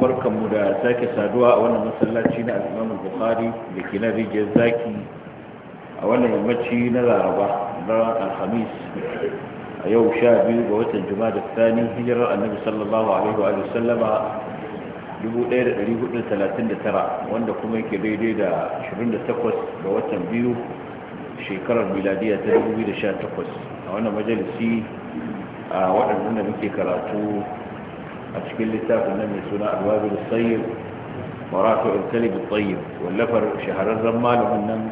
barkanmu da sake saduwa a wannan masallaci na al'imam bukhari da ke na rijiyar zaki a wannan yammaci na laraba ran alhamis a yau sha biyu ga watan juma'a da tsani hijirar annabi sallallahu alaihi wa sallama 1439 wanda kuma yake daidai da 28 ga watan biyu shekarar miladiya ta 2018 a wannan majalisi a waɗannan da muke karatu أشكل لتاف النمي سناء الوابل الصيب مراتع الكلب الطيب واللفر شهر الرمال من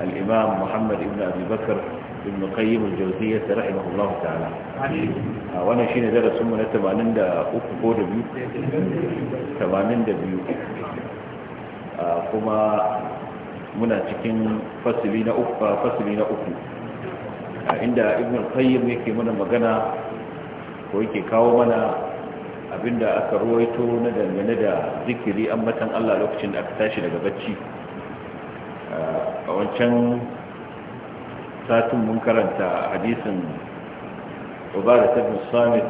الإمام محمد بن أبي بكر ابن قيم الجوزية رحمه الله تعالى وانا شين درس من 80 da uku ko da biyu 82 kuma muna cikin fasili na uku fasili na uku inda ibn qayyim yake mana abinda aka ruwaito na dangane da zikiri ambatan Allah lokacin da aka tashi daga bacci a wancan satin mun karanta hadisin ubara ibn samit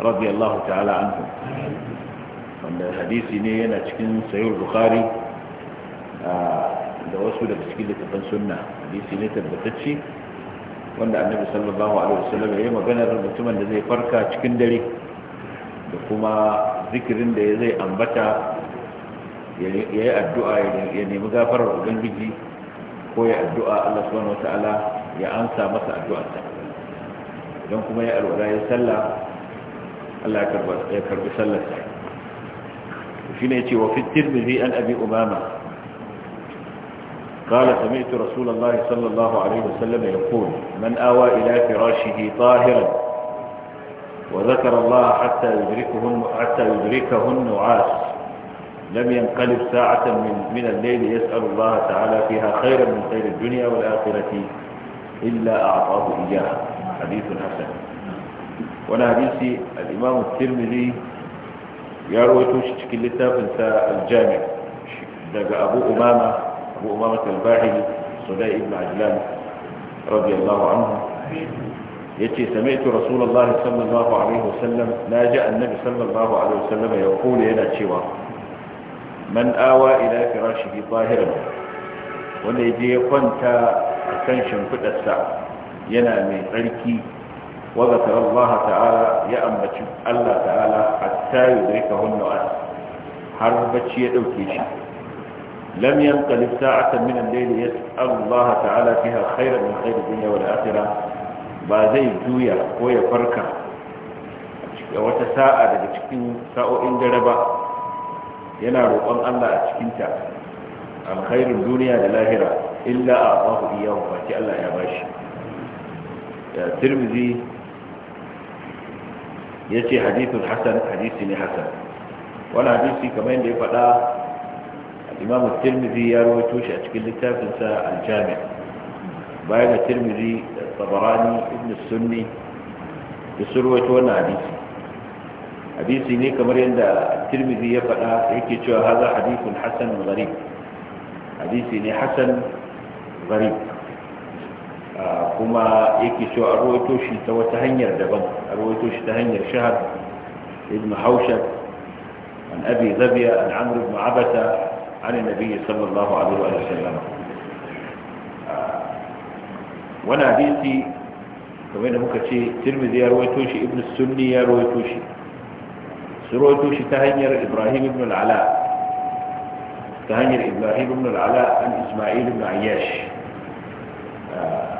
radiyallahu ta'ala anhu wanda hadisi ne yana cikin sayar bukari da wasu daga cikin littafin sunna hadisi ne tabbatacce wanda annabi sallallahu alaihi wasallam ya yi maganar mutumin da zai farka cikin dare kuma zikirin da ya zai ambata ya yi addu'a ya nemi gafarar ubangiji ko ya addu'a Allah subhanahu wata'ala ya ansa masa addu'arsa don kuma ya alwala ya salla, Allah ya karbi sallarsa shi ne ce wa fitir bizi an abi umama قال سمعت رسول الله صلى الله عليه وسلم يقول من آوى إلى فراشه طاهرا وذكر الله حتى يدركهن, حتى يدركه النعاس لم ينقلب ساعة من, من الليل يسأل الله تعالى فيها خيرا من خير الدنيا والآخرة إلا أعطاه إياها حديث حسن وانا حديثي الإمام الترمذي يروي توشك لتاب الجامع دقى أبو أمامة أبو أمامة الباحث صدي بن عجلان رضي الله عنه yace sami'tu rasulullahi sallallahu alaihi wasallam naji annabi sallallahu alaihi wasallam ya kula yana cewa man awa ila firashihi zahiran wanda yaje ya kwanta a akan shimfidarsa yana mai tsarki wa zakara Allah ta'ala ya ambaci Allah ta'ala hatta yudrika hunnu as har bacci ya dauke shi lam yanqalib sa'atan min al-layl yas'al Allah ta'ala fiha khayran min khayri dunya wal akhirah ba zai juya ko ya farka a wata sa'a daga cikin sa'o'in dare ba yana roƙon Allah a cikinta alkhairin duniya da lahira illa a bahu iyahu fati Allah ya bashi ya tirmizi ya ce hadithun Hassan hadisi ne Hassan wani hadisi kamar yadda ya faɗa imam tirmizi ya rawaito shi a cikin littafinsa aljami bayan da tirmizi da الطبراني ابن السني بسروة وانا حديثي حديثي نيكا مريان الترمذي ترمذي يفقى ايكيشو هذا حديث حسن غريب حديثي ني حسن غريب آه، كما ايكيشو ارويتوشي توا تهنير دبن ارويتوشي تهنير شهر ابن حوشك عن ابي ذبيا عن عمرو بن عبتة عن النبي صلى الله عليه وسلم wani hadisi kamar da muka ce tirmidhi ya rawaito shi ibn sunni ya rawaito shi su rawaito shi ta hanyar ibrahim ibn al'ala ta hanyar ibrahim ibn al'ala an isma'il ibn ayyash ah,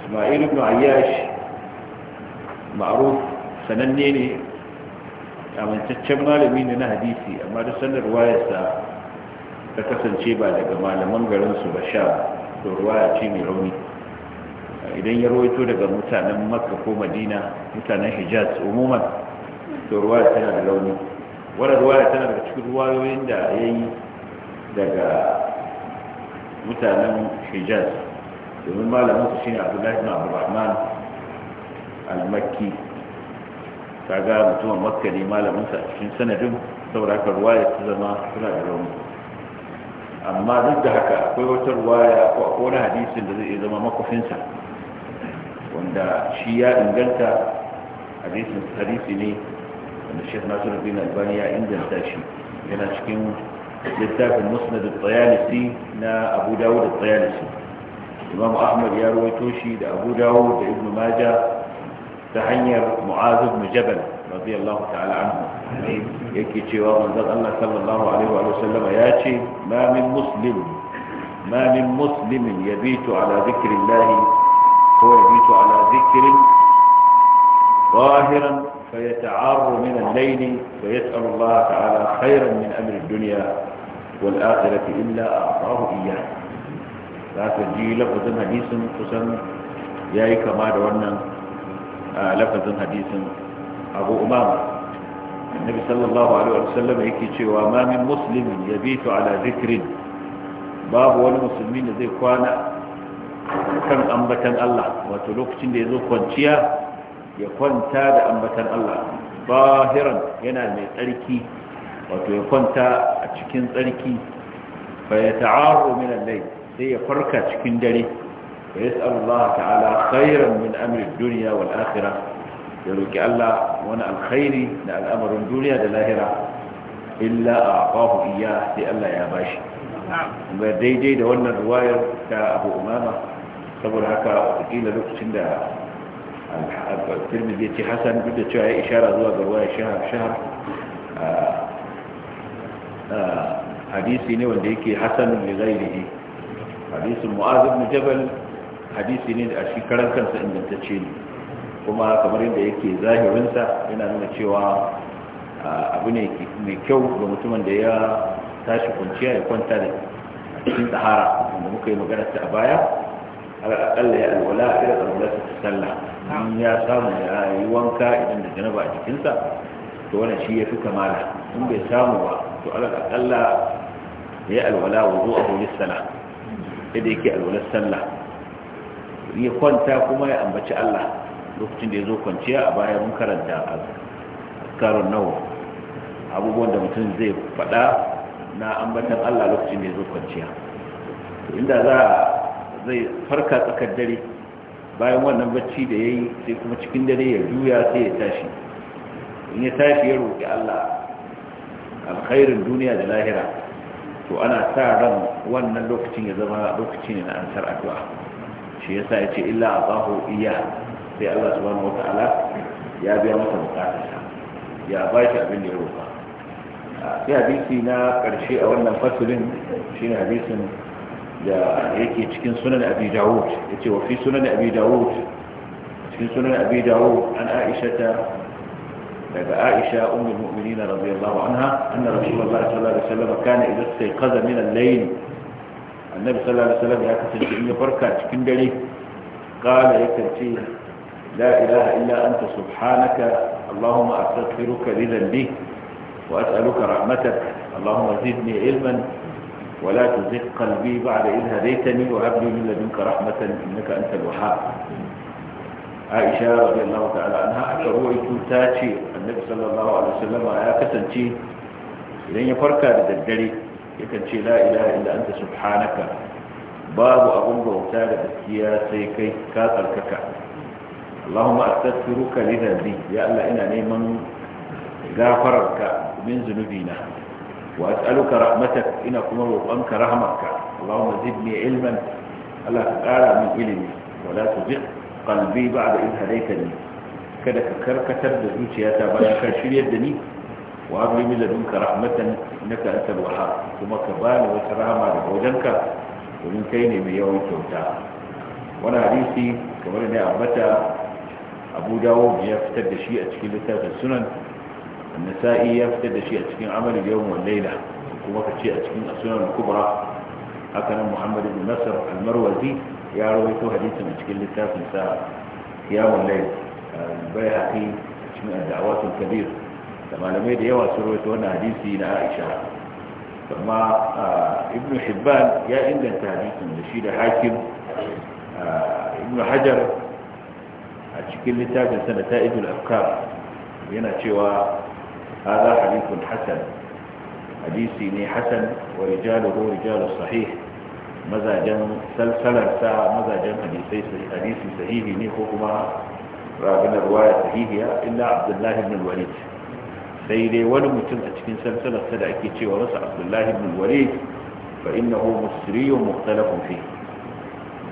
isma'il ibn ayyash ma'ruf sananne ne amintaccen malami ne na hadisi amma da sanar wayarsa ta kasance ba daga malaman garinsu ba sha to ruwaya ce mai rauni idan ya rawaito daga mutanen makka ko madina mutanen hijaz umuman to ruwaya tana da launi wadda ruwaya tana daga cikin ruwayoyin da ya yi daga mutanen hijaz domin malamin su shine abdullahi ibn rahman al-makki kaga mutumin makka ne malamin sa cikin sanadin saboda haka ruwaya ta zama suna da launi amma duk da haka akwai wata ruwaya ko akwai wani hadisin da zai zama makofinsa wanda shi ya inganta hadisin hadisi ne wanda Sheikh Nasiruddin Albani ya inganta shi yana cikin littafin Musnad tsayalisi na Abu Dawud al Imam Ahmad ya ruwaito shi da Abu Dawud da Ibn maja ta hanyar Mu'az ibn Jabal radiyallahu ta'ala anhu yake cewa manzon Allah sallallahu alaihi wa sallama ya ce ma min muslim ma min muslimin yabitu ala dhikrillah ko yabitu ala dhikrin ظاهرا فيتعار من الليل ويسأل الله تعالى خيرا من أمر الدنيا والآخرة إلا أعطاه إياه لا تجي لفظ حديث قسم ياي كما دورنا لفظ حديث أبو أمامة النبي صلى الله عليه وسلم يكي وما من مسلم يبيت على ذكر باب والمسلمين ذي كوانا kan ambatan Allah wato lokacin da ya zo kwanciya ya kwanta da ambatan Allah bahiran yana mai tsarki wato ya kwanta a cikin tsarki fa ya ta'aru min al sai ya farka cikin dare ya yas'alu Allah ta'ala khairan min amri duniya dunya wal akhirah ya roki Allah wani alkhairi da al'amarin duniya da lahira illa a'tahu iya sai Allah ya bashi ga daidai da wannan riwayar ta Abu Umama saboda haka watakila lokacin da tirmidhi ya ce hasan duk da cewa ya ishara zuwa ga waya shahar shahar hadisi ne wanda yake ne zai ghairihi hadisin mu'az na jabal hadisi ne da shi karan kansa ingantacce ne kuma kamar yadda yake zahirinsa yana nuna cewa abu ne mai kyau ga mutumin da ya tashi kwanciya ya kwanta da cikin tsahara wanda muka yi magana ta a baya akalla ya alwala a irin alwala ta sallah in ya samu ya yi wanka idan da janaba a jikinsa to wani shi ya fi kamala in bai samu ba to alal akalla ya yi alwala wuzu a hulis sallah yadda yake alwalar sallah ya kwanta kuma ya ambaci Allah lokacin da ya zo kwanciya a baya mun karanta azkarun nawa abubuwan da mutum zai faɗa na ambatan Allah lokacin da ya zo kwanciya to inda za a zai farka tsakar dare bayan wannan bacci da ya yi sai kuma cikin dare ya juya sai ya tashi in ya tashi ya roƙi Allah alkhairin duniya da lahira to ana sa ran wannan lokacin ya zama lokaci ne na ansar addu'a shi sa ya ce illa zaho iya sai Allah subhanahu wata'ala ya biya masa bukatarsa ya ba shi abin da ya roƙa sai hadisi na ƙarshe a wannan fasulin shine hadisin يكي تكين سنن أبي داوود يتي وفي سنن أبي داوود تكين سنن أبي داوود عن عائشه آئشة عائشه أم المؤمنين رضي الله عنها أن رسول الله صلى الله عليه وسلم كان إذا استيقظ من الليل النبي صلى الله عليه وسلم يكتل تكين بركه تكين دلي قال يكتل لا إله إلا أنت سبحانك اللهم أستغفرك لذنبي وأسألك رحمتك اللهم زدني علماً ولا تزق قلبي بعد إذ هديتني وأبني من لدنك رحمة إنك أنت الوحاب عائشة رضي الله تعالى عنها أكبر وإكو تاتي النبي صلى الله عليه وسلم وآياك تنتي لن يفرك بدلجري يتنتي لا إله إلا أنت سبحانك باب أقوم بأوتاد بكيا سيكي كاثر ككا اللهم أستغفرك لذا دي يا الله إنا نيمن غافرك من ذنوبنا وأسألك رحمتك إنكم وقامك رحمتك اللهم زدني علما ألا تقارى من علمي ولا تزغ قلبي بعد إذ هديتني كذا كركتر دزوجياتا بعد كشري الدني وهب لي من لدنك رحمة إنك أنت الوهاب ثم كبان وترحمة لوجنك ومن كيني من يوم كوتا وانا حديثي كما لنا أبتا أبو داود يفتد شيئة في لتاف السنن annasa'i ya fitar da shi a cikin amal yawon wal kuma ka ce a cikin asunan kubra haka nan muhammad ibn nasar al ya rawaito hadisin a cikin littafin sa qiyamul layl bai haqi cikin da'awatul kabir da malamai da yawa sun rawaito wannan hadisi na aisha amma ibn hibban ya inganta hadisin da shi da hakim ibn hajar a cikin littafin sa da afkar yana cewa هذا حديث حسن حديثي ني حسن ورجاله رجال الصحيح مزاجا سلسلة ساعة مزاجا حديثي حديثي صحيح ني حكما رابنا رواية صحيحية إلا عبد الله بن الوليد سيدي ولمتن أتكين سلسلة سدعكي تشي ورسى عبد الله بن الوليد فإنه مصري مختلف فيه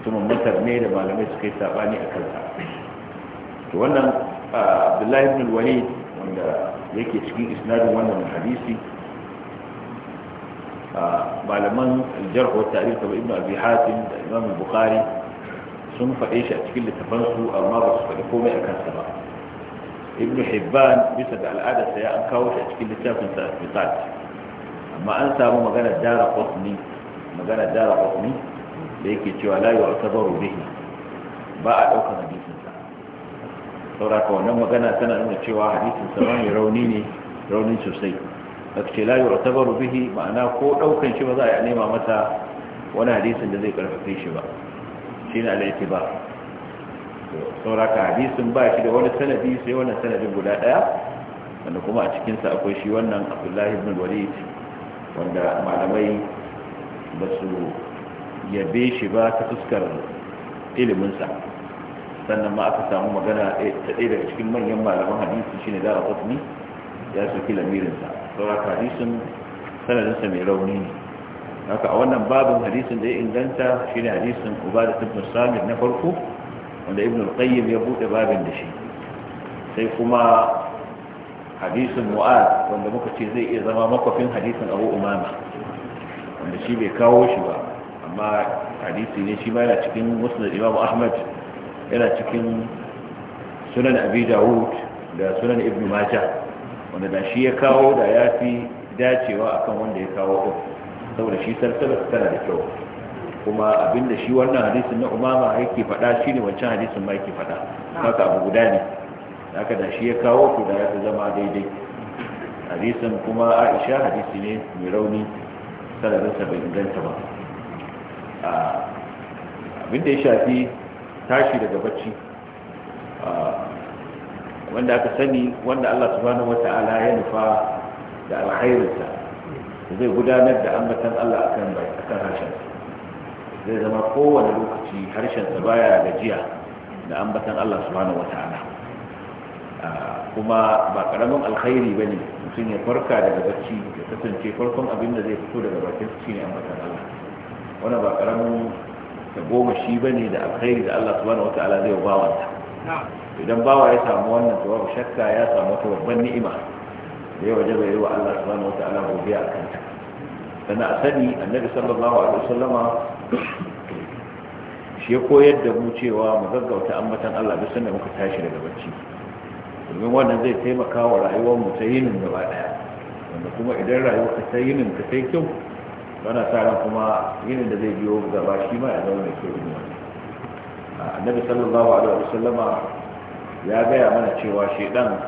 mutumin masar ne da malamai suka yi sabani a kansa to wannan abdullahi ibn walid wanda yake cikin isnadin wannan hadisi malaman aljarh wa ta'rif da abi hatim da imam bukhari sun faɗe shi a cikin littafan su amma ba su faɗi komai a sa ba ibnu hibban bisa ga al'ada ya an kawo shi a cikin littafin sa fitat amma an samu magana dara qutni magana dara qutni da yake cewa la yu'tabaru bihi ba a daukar hadisi sauraka wannan magana tana nuna cewa hadisin sa mai rauni ne raunin sosai ake la yurtabaru bihi ma'ana ko daukan shi ba za a nema masa wani hadisin da zai karfafe shi ba shine ba itibar sauraka hadisin ba shi da wani sanadi sai wani sanadi guda daya wanda kuma a cikinsa akwai shi wannan Abdullahi ibn Walid wanda malamai ba su yabe shi ba ta fuskar iliminsa. sannan ma aka samu magana ta ɗaya daga cikin manyan malaman hadisi shine zara qutni ya soki lamirinsa sauraka hadisin sanadinsa mai rauni ne haka a wannan babin hadisin da ya inganta shine hadisin ubada ibn samir na farko wanda ibn al-qayyim ya buɗe babin da shi sai kuma hadisin mu'ad wanda muka ce zai iya zama makwafin hadisin abu umama wanda shi bai kawo shi ba amma hadisi ne shi ma yana cikin musnad imam ahmad yana cikin sunan abi dawud da sunan ibnu maja wanda da shi ya kawo da ya fi dacewa akan wanda ya kawo ɗin saboda shi sarsalar tana da kyau kuma abinda shi wannan hadisin na umama yake faɗa shi ne wancan hadisin ma yake faɗa haka abu guda ne haka da shi ya kawo ku da ya fi zama daidai hadisin kuma aisha hadisi ne mai rauni sanarinsa bai inganta ba abinda ya shafi tashi daga bacci ah, wanda aka sani wanda Allah subhanahu wata'ala ya nufa da alkhairinsa zai gudanar da ambatan Allah akan akan harshen zai zama kowane lokaci harshen sa baya gajiya da ambatan Allah subhanahu wata'ala ah, kuma ba karamin alkhairi bane mutum ya farka daga bacci ya kasance farkon abin da zai fito daga bakin ne ambatan Allah wannan ba karamin da goma shi ne da alkhairi da Allah subhanahu wataala zai bawa ta idan bawa ya samu wannan to shakka ya samu wata babban ni'ima da ya wajaba yi wa Allah subhanahu wataala godiya a kanta sannan a sani annabi sallallahu alaihi wasallama shi ya koyar da mu cewa mu gaggauta ambatan Allah duk sanda muka tashi daga bacci domin wannan zai taimaka wa rayuwar mu ta yinin gaba daya wanda kuma idan rayuwar ka ta yinin ka ta kyau bana tsarin kuma yinin da zai biyo gaba shi ma ya zama mai kyau ne annabi sallallahu alaihi wasallama ya gaya mana cewa shaidan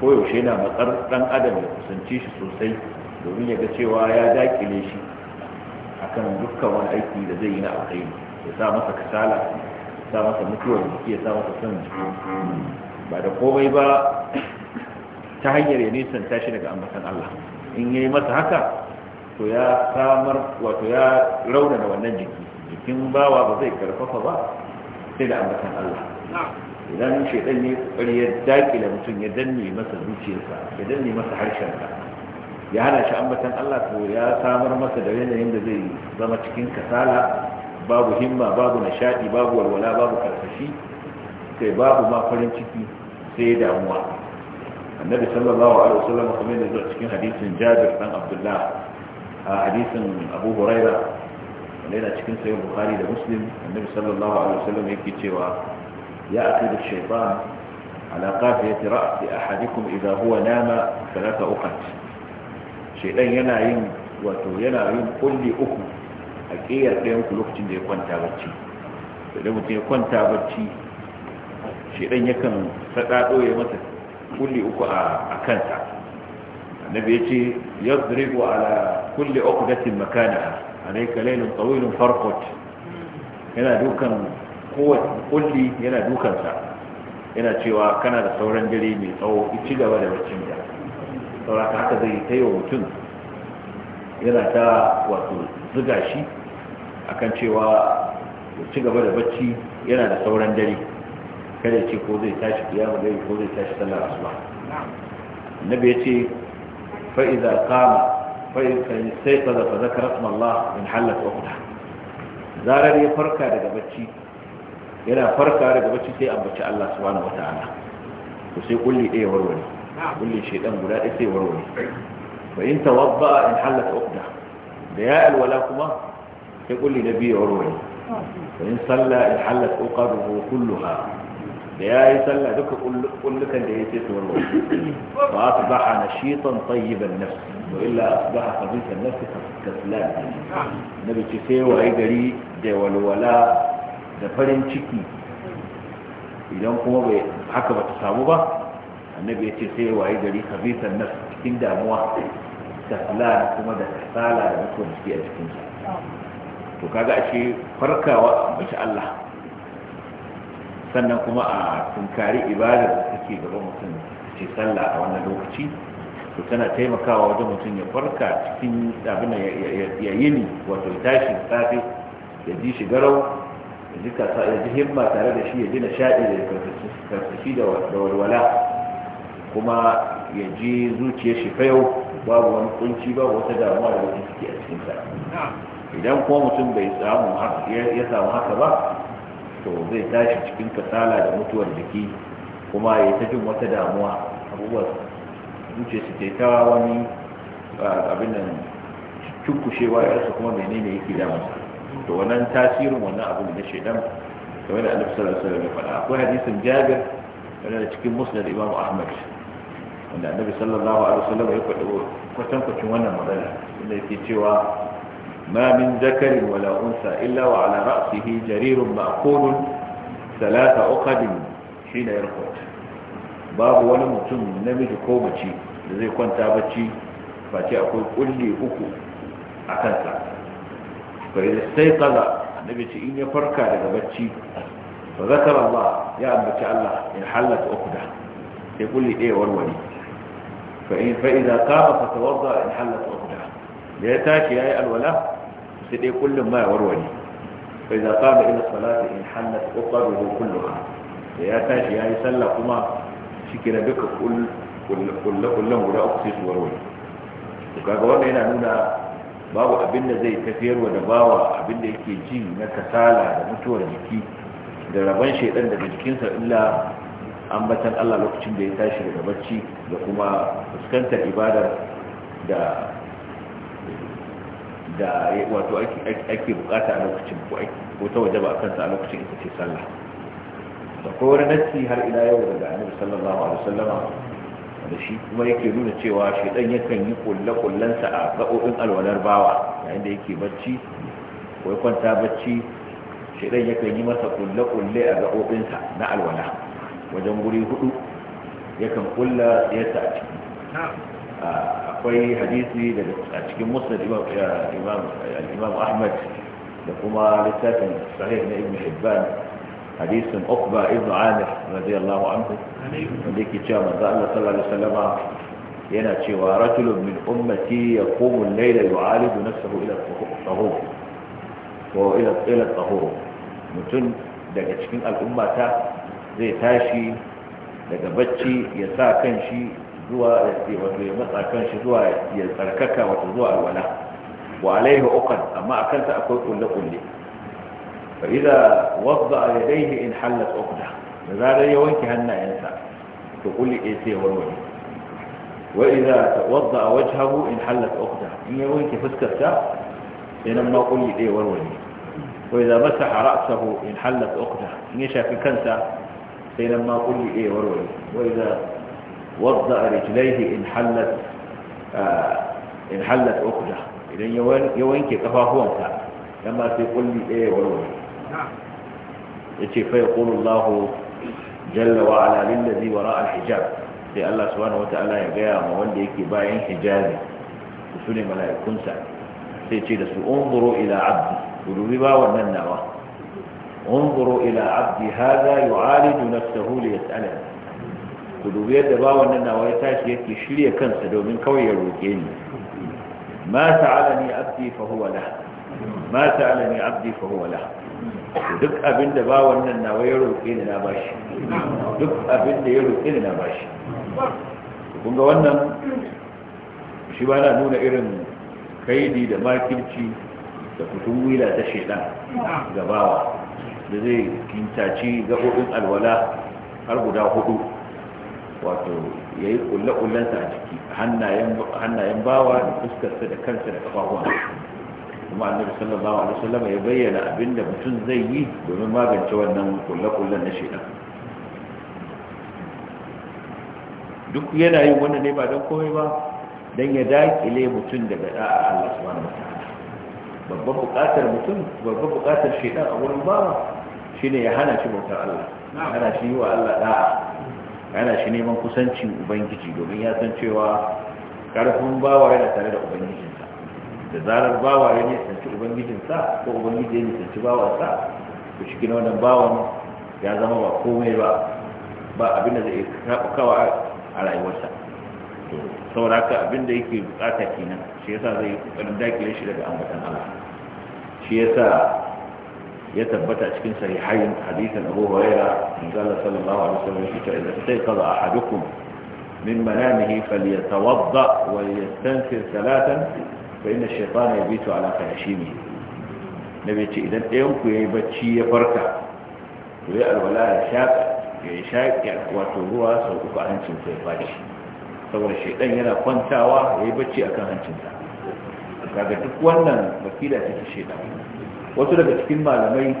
koyaushe na matsar dan adam ya kusanci shi sosai domin ya ga cewa ya dakile shi akan dukkan wani aiki da zai yi na alkhairi ya sa masa kasala ya sa masa mutuwar jiki ya sa masa son jiki ba da komai ba ta hanyar ya nisanta shi daga ambatan Allah in yi masa haka to ya samar wato ya rauna da wannan jiki jikin bawa ba zai karfafa ba sai da ambatan Allah idan shaidan ne kokari ya dakile mutum ya danne masa zuciyarsa ya danne masa harshensa ya hana shi ambatan Allah to ya samar masa da yanayin da zai zama cikin kasala babu himma babu nishadi babu walwala babu karfashi sai babu ma farin ciki sai damuwa annabi sallallahu alaihi wasallam kuma da cikin hadisin Jabir dan Abdullah a hadisin abu huraira wanda yana cikin sayin bukari da muslim annabi sallallahu alaihi wasallam yake cewa ya da aqidu shaytan ala qafiyati a ahadikum idha huwa nama thalatha uqat shaytan yana yin wato yana yin kulli uku a kiyar ɗayan ku lokacin da ya kwanta bacci idan mutum ya kwanta bacci shaytan yakan sadado ya masa kulli uku a kansa annabi ya ce yadribu ala kulli uqdatin makana alayka laylun tawilun kulli yana dukan sa yana cewa akan cewa ci gaba da bacci dare kada ce ko zai tashi kiyama gari ya ce فإذا قام فإن استيقظ فذكر اسم الله من حلت وقتها zarar ya farka daga bacci yana farka daga bacci sai ambaci Allah subhanahu wataala to sai kulli ɗaya warware kulli shedan guda ɗaya sai warware fa in tawadda in halat uqda da ya alwala kuma sai kulli na biyu warware fa in salla in halat uqaduhu kulluha da ya yi sallah duka kullukan da ya ce su warwa ba su baha na shi shiton tsayiban nafs wa illa baha kabisan nafs kaslan na bici sai waye gari da walwala da farin ciki idan kuma bai haka ba ta samu ba annabi ya ce sai waye gari kabisan nafs cikin damuwa kaslan kuma da kasala da mutuwa ciki a cikinsa to kaga a ce farkawa mace Allah sannan kuma a tunkari ibadar da take gaba mutum ce sallah a wannan lokaci to tana taimakawa wajen mutum ya farka cikin abin da ya yini wato tashi safe ya ji shi garau ya ji himma tare da shi ya ji nishaɗi da karsashi da walwala kuma ya ji zuciyar shi fayau babu wani kunci babu wata damuwa da wata ciki a cikinsa idan kuma mutum bai samu ya samu haka ba to zai tashi cikin kasala da mutuwar jiki kuma ya ta jin wata damuwa abubuwa zuciya su ce ta wani abin nan cunkushewa ya rasa kuma menene yake damuwa to wannan tasirin wannan abin da shaidan kamar da alif sallallahu alaihi wasallam ya faɗa akwai hadisin jabir wanda da cikin musnad imam ahmad wanda annabi sallallahu alaihi wasallam ya faɗi kwatankwacin wannan magana inda yake cewa ما من ذكر ولا أنثى إلا وعلى رأسه جرير مأقول ثلاث أقد حين يرقد باب ولا متم نمج كومتي لذي كنت أبتي فأتي أقول قل لي أكو أكنت فإذا استيقظ النبي إن يفرك لغبتي فذكر الله يا أبتي الله إن حلت أقدة يقول لي إيه والولي فإذا قام فتوضأ إن حلت أقدة da ya tashi ya yi alwala sai dai kullum ma ya warware bai za ta ila salati in hanna ta kokwa da da ya tashi ya yi sallah kuma shi kira duka kullum guda uku sai su warware to kaga wannan yana nuna babu abin da zai tafiyarwa da bawa abin da yake ji na kasala da mutuwar jiki da rabon shaidan daga jikinsa illa ambatan Allah lokacin da ya tashi daga bacci da kuma fuskantar ibadar da da wato ake bukata a lokacin ko aiki ko ta waje ba a kansa a lokacin ita ce sallah da kowar nassi har ila yau daga annabi sallallahu alaihi wasallama da shi kuma yake nuna cewa shedan yakan yi kulle kullensa a gaɓoɓin alwalar bawa yayin da yake bacci ko ya kwanta bacci shedan yakan yi masa kulle kulle a sa na alwala wajen guri hudu yakan kulla ya a ciki akwai hadisi daga a cikin musnad imam ahmad da kuma littafin sahih na ibn hibban hadisin uqba ibn amir radiyallahu anhu wanda yake cewa manzo Allah sallallahu alaihi yana cewa rajulun min ummati yaqumu al-layla yu'alidu nafsahu ila tahur wa ila ila tahur mutum daga cikin al'ummata zai tashi daga bacci ya sa kan shi zuwa wato ya matsa kan shi zuwa ya tsarkaka wato zuwa alwala wa alaihi uqad amma akan ta akwai kulle kulle fa idza wadda yadayhi in halat uqda da zarar ya wanke hannayensa to kulli eh sai warware wa idza tawadda wajhahu in halat uqda in ya wanke fuskarsa sai nan ma kulli ya warware wa idza masaha ra'sahu in halat uqda in ya shafi kansa sai nan ma kulli ya warware wa idza wadda rijlaihi in hallat in hallat ukda idan ya wanke kafafuwansa dan ma sai kulli ɗaya warware yace fa yaqulu Allahu jalla wa ala lil ladhi wara'a al-hijab sai Allah subhanahu wata'ala ya gaya wa wanda yake bayan hijabi su ne mala'ikunsa sai ce da su unzuru ila abdi rubi ba wannan nawa unzuru ila abdi hadha yu'alidu nafsahu li yas'alani ku dubi yadda ba wannan nawa ya tashi yake shirya kansa domin kawai ya roƙe ni ma ta'alani abdi fa huwa la ma ta'alani abdi fa huwa la duk abin da ba wannan nawa ya roƙe ni na bashi duk abin da ya roƙe ni na bashi kun ga wannan shi ba na nuna irin kaidi da makirci da kutun wila ta shedan gabawa da zai kintaci gaɓoɓin alwala har guda hudu wato ya yi kulle-kullensa a ciki hannayen bawa da fuskarsa da kansa da kafafuwa kuma annabi sallallahu alaihi wasallam ya bayyana abinda mutum zai yi domin magance wannan kulle-kullen na shedan duk yana yin wannan ne ba don komai ba don ya dakile mutum daga da'a Allah subhanahu wataala babban buƙatar mutum babban buƙatar shedan a wurin bawa shine ya hana shi bautar Allah hana shi yi wa Allah da'a yana shi neman kusancin ubangiji domin ya san cewa karfin bawaye na tare da ubangijinsa da zarar bawa ya sanci ubangijinsa ko ubangiji ya nisanci bawansa to shi gina wannan bawan ya zama ba komai ba ba abin da zai kawa a rayuwarsa to sauraka abin da yake bukata kenan shi yasa zai kokarin dakile shi daga ambatan Allah shi yasa ya tabbata cikin sahihain hadisin Abu Hurairah manzo Allah sallallahu alaihi wasallam shi ta idan sai kaza ahadukum min manamihi falyatawadda wa yastanfir salatan fa inna ash-shaytana yabitu ala khashimi nabi ce idan ɗayan ku yayi bacci ya farka to ya alwala ya shaka ya shaka wato ruwa sau uku a hancin sai fashi saboda shaydan yana kwantawa yayi bacci akan hancinsa kaga duk wannan wakila ce ta shaydan wasu daga cikin malamai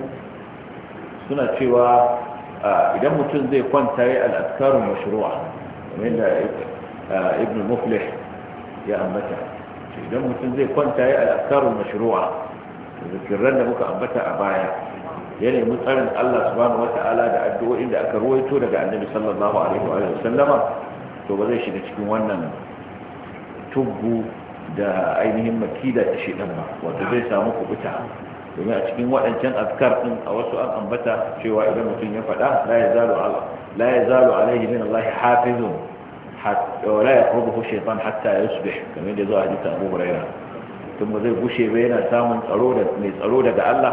suna cewa idan mutum zai kwanta ya al'askarun mashruwa kamar yadda ibn muflih ya ambata idan mutum zai kwanta ya al'askarun mashruwa zikirar da muka ambata a baya ya nemi tsarin Allah subhanahu Ta'ala da addu'o'in da aka ruwaito daga annabi sallallahu alaihi wa sallama to ba zai shiga cikin wannan tubbu da ainihin makida ta shedan ba wato zai samu kubuta domin a cikin waɗancan azkar ɗin a wasu an ambata cewa idan mutum ya faɗa la ya zalo alaihi min Allah hafizun hatta la yaqrubuhu shaytan hatta yusbih kamar da zuwa hadisi Abu Hurairah tun ba zai bushe ba yana samun tsaro da mai tsaro daga Allah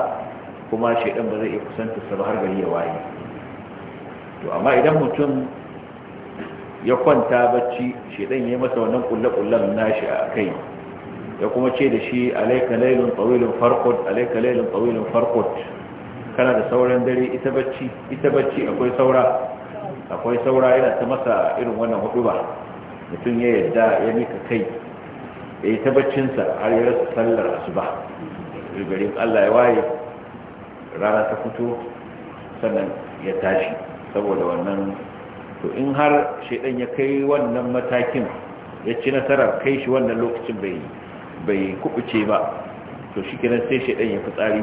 kuma shaytan ba zai iya kusanta sa ba har gari ya waye to amma idan mutum ya kwanta bacci shaytan ya masa wannan kullakullan nashi a kai ya kuma ce da shi alaika lailun tawilun farqut alaika lailun tawilun farqut kana da sauran dare ita bacci ita bacci akwai saura akwai saura ina ta masa irin wannan huduba mutum ya yadda ya mika kai ya yi ta sa har ya rasa sallar asuba rigarin Allah ya waye rana ta fito sannan ya tashi saboda wannan to in har shedan ya kai wannan matakin ya ci nasarar kai shi wannan lokacin bai yi bai kubuce ba to shi kiran sai shaidan ya fitsari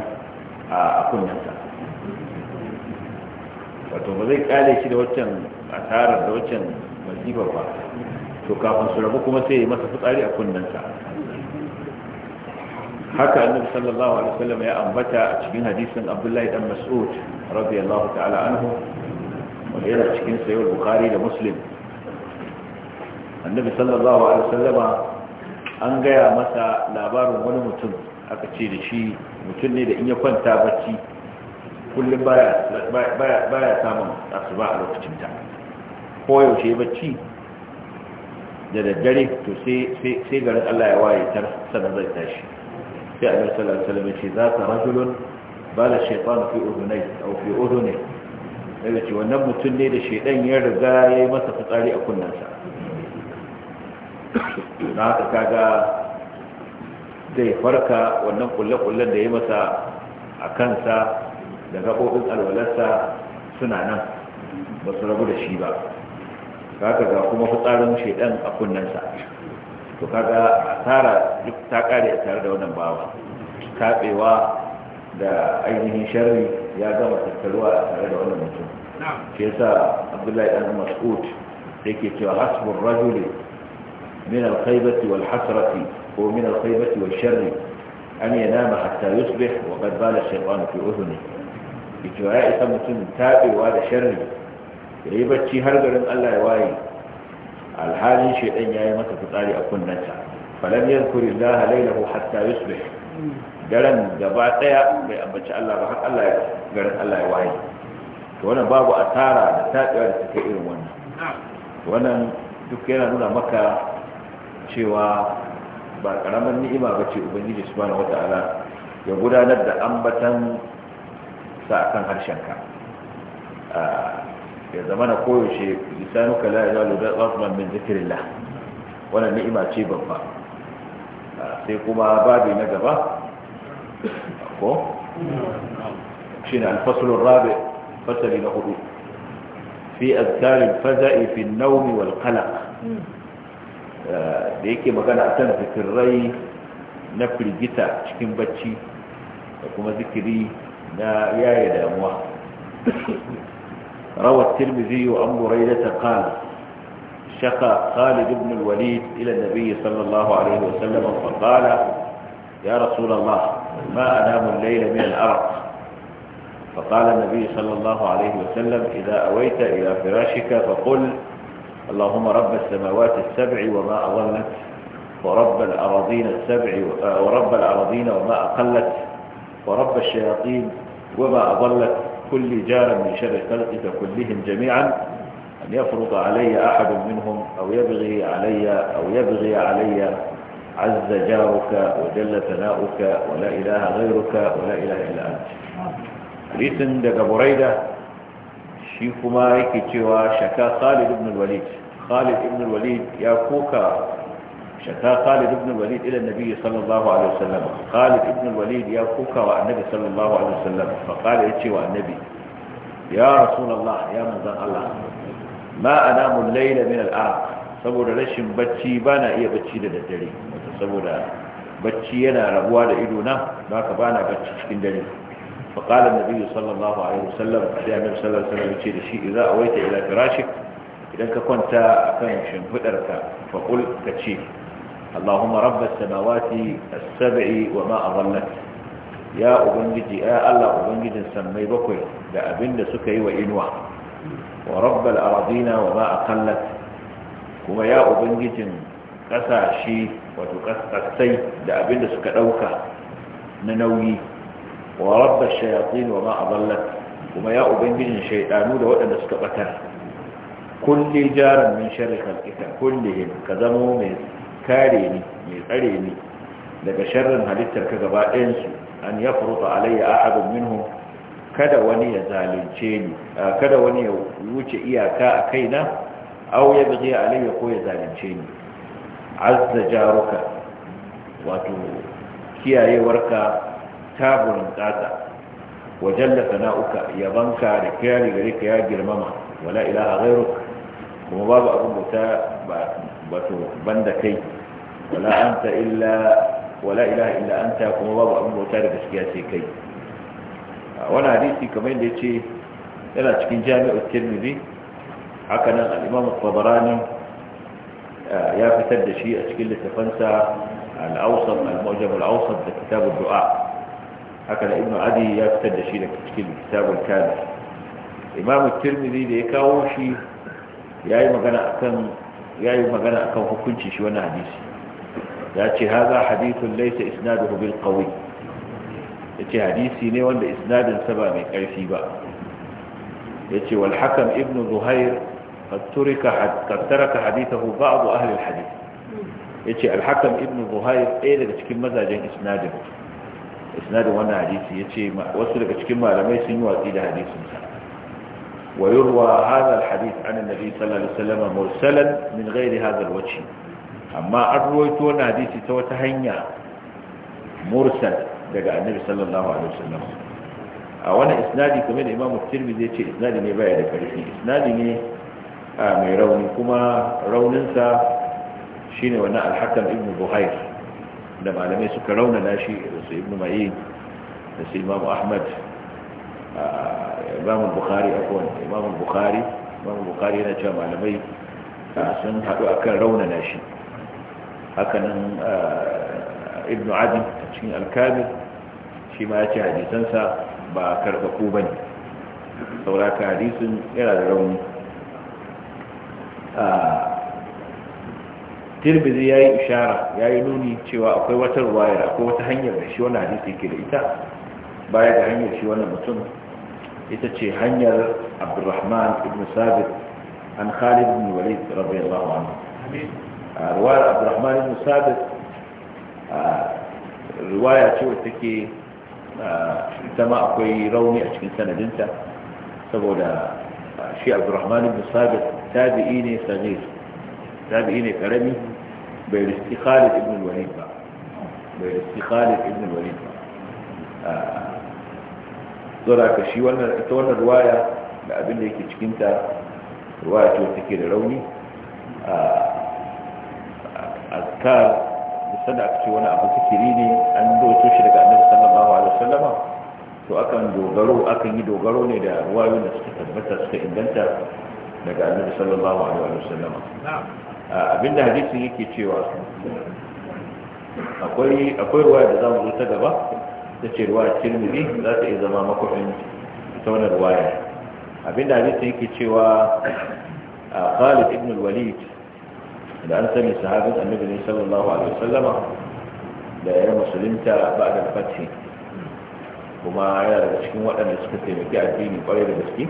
a kunnensa wato ba zai kale shi da waccan asarar da waccan masifar ba to kafin su rabu kuma sai ya masa fitsari a kunnensa haka annabi sallallahu alaihi wasallam ya ambata a cikin hadisin abdullahi dan mas'ud radiyallahu ta'ala anhu wanda yana cikin sahih bukhari da muslim annabi sallallahu alaihi wasallama an gaya masa labarin wani mutum aka ce da shi mutum ne da in ya kwanta bacci kullum baya samun asuba a lokacin ta ko yaushe bacci da daddare to sai garin Allah ya waye tar sanar zai tashi sai annabi sallallahu alaihi ce za ka rajulun bala shaytan fi udunai aw fi daga ce wannan mutum ne da shaiɗan ya riga ya yi masa fitsari a kunnansa na haka kaga zai farka wannan kulle-kullen da ya masa a kansa da gaɓoɓin alwalarsa suna nan ba su rabu da shi ba kaga ga kuma fitsarin shaidan a kunnensa to kaga asara duk ta kare a tare da wannan bawa taɓewa da ainihin shari ya gama tattaruwa a tare da wannan mutum ke yasa abdullahi ɗan mas'ud yake cewa hasbun rajuli من الخيبة والحسرة ومن الخيبة والشر أن ينام حتى يصبح وقد بال الشيطان في أذنه إجراء سمتن تابع وهذا شر يبت شهر قرن الله يواي الحال شيئا يا يمت فتالي أكون نسع فلم يذكر الله ليله حتى يصبح daren gaba daya bai ambaci Allah ba har Allah ya garin Allah ya waye to wannan babu asara da tabewa da take irin wannan wannan duk yana nuna maka cewa ba karamin ni'ima ba ce ubangiji subhanahu wata'ala ya gudanar da ambatan sa kan harshenka ya zama na koyaushe lisanuka la ya zalu zafman min zikirin la, wani ni'ima ce babba sai kuma babi na gaba ko shine alfaslur rabi fasali na hudu fi azkar al-faza'i fi an-nawm wal-qalaq da yake magana a kan zikirai na firgita cikin bacci da kuma zikiri na yaya damuwa rawar tirmiziyu an burai da taƙal shaka khalid ibn walid ila nabiya sallallahu ya rasulallah ma a namun laila min al'arab faƙala nabiya sallallahu alaihi wasallam idan awaita ila firashika faƙul اللهم رب السماوات السبع وما أظلت ورب الأراضين السبع آه، ورب الأراضين وما أقلت ورب الشياطين وما أضلت كل جار من شر خلقك كلهم جميعا أن يفرض علي أحد منهم أو يبغي علي أو يبغي علي عز جارك وجل ثناؤك ولا إله غيرك ولا إله إلا أنت حديث دقى بريدة شيخ مايك تشوى شكا خالد بن الوليد khalid ibn walid ya koka شكا خالد بن الوليد إلى النبي صلى الله عليه وسلم خالد بن الوليد يا كوكا والنبي صلى الله عليه وسلم فقال إيشي والنبي يا رسول الله يا مزان الله ما أنام الليل من الأرق سبور رشم بچي بانا إيا بچي لدري سبور بچي ينا ربوا لإدونا باك بانا بچي شكين دري فقال النبي صلى الله عليه وسلم النبي صلى الله عليه وسلم إذا أويت إلى فراشك idan ka kwanta a kan fa qul ka ce Allahumma rabbas samawati as-sab'i wa ma adallat ya ubangiji ya Allah ubangijin sammai bakwai da abinda suka yi wa inuwa wa rabbal ardina wa ma aqallat kuma ya ubangijin kasashe wato kasasai da abinda suka dauka na nauyi wa rabbal shayatin wa ma adallat kuma ya ubangijin shaydanu da waɗanda suka batar kulli jaran min ita khalqika kulli ka zamo mai kare ni mai tsare ni daga sharrin halittar ka gaba ɗayan su an yafruta alayya a abin minhum kada wani ya zalunce ni kada wani ya wuce iyaka a kaina aw ya bi alayya ko ya zalunce ni azza jaruka wato kiyayewarka tsatsa wajen da sana'uka yabanka da kiyari gare ka ya girmama wala ilaha ghayruk kuma babu abin bauta wato banda kai wala anta illa wala ilaha illa anta kuma babu abin bauta da gaskiya sai kai wani hadisi kamar yadda yace yana cikin jami'ar tirmidhi haka nan al-imam tabarani ya fitar da shi a cikin littafansa al-awsat al-mujam al-awsat da kitab ad-du'a haka da ibnu adi ya fitar da shi da cikin kitab al-kamil imam at-tirmidhi da ya kawo shi ya yi magana a kan hukunci shi wani hadisi ya ce haza hadithun laisa isnaduhu bil qawi ya ce hadisi ne wanda isnadinsa ba mai ƙarfi ba ya ce wal hakam ibn zuhair qad taraka hadithahu ba'd ahli al hadith ya ce alhakan ibn zuhair ɗaya daga cikin mazajen isnadin isnadin wani hadisi ya ce wasu daga cikin malamai sun yi watsi da hadisinsa ويروى هذا الحديث عن النبي صلى الله عليه وسلم مرسلا من غير هذا الوجه أما أرويتون حديثي توتهنيا مرسل لقى النبي صلى الله عليه وسلم انا إسنادي كمان إمام الترمذي يتي إسنادي نبايا لفريقين إسنادي آه، من روني كما روننسا شين وناء الحكم ابن بغير لما لم يسك ناشي ابن معين نسي إمام أحمد آه imam bukhari akwai imam bukhari imam bukhari yana cewa malamai ah, sun haɗu akan raunana shi hakanan ah, ibn adam a cikin alkamil shi ma ya ce hadisansa ba karɓaɓɓu ba ne sauraka hadisun yana da rauni ah, tirbizi ya yi ishara ya yi nuni cewa akwai wata ruwayar akwai wata hanyar da shi wani hadisi ke da ita baya ga hanyar shi wani mutum ita ce hanyar abdurrahman ibn sabit an khalid ibn walid radiyallahu anhu riwayar abdurrahman ibn sabit riwaya ce wacce take ita ma akwai rauni a cikin sanadinta saboda shi abdurrahman ibn sabit tabi'i ne sagir tabi'i ne karami bai riski khalid ibn walid ba bai riski khalid ibn walid ba zora ka shi wannan ita wannan ruwaya da abin da yake cikinta ruwaya ce take da rauni a azkar bisa da aka ce wani abu zikiri ne an doto shi daga annabi sallallahu alaihi wasallama to akan dogaro akan yi dogaro ne da ruwayoyin da suka tabbata suka inganta daga annabi sallallahu alaihi wasallama abinda hadisin yake cewa akwai akwai ruwaya da zamu zo ta gaba ta ce ruwa a tirmidhi za ta iya zama makwafin taunar waya abinda hadisin yake cewa a Khalid ibn walid da an sani sahabin annabi ne sallallahu alaihi wasallama da ya musulunta ba al kuma yana daga cikin waɗanda suka taimaki addini ƙwarai da gaske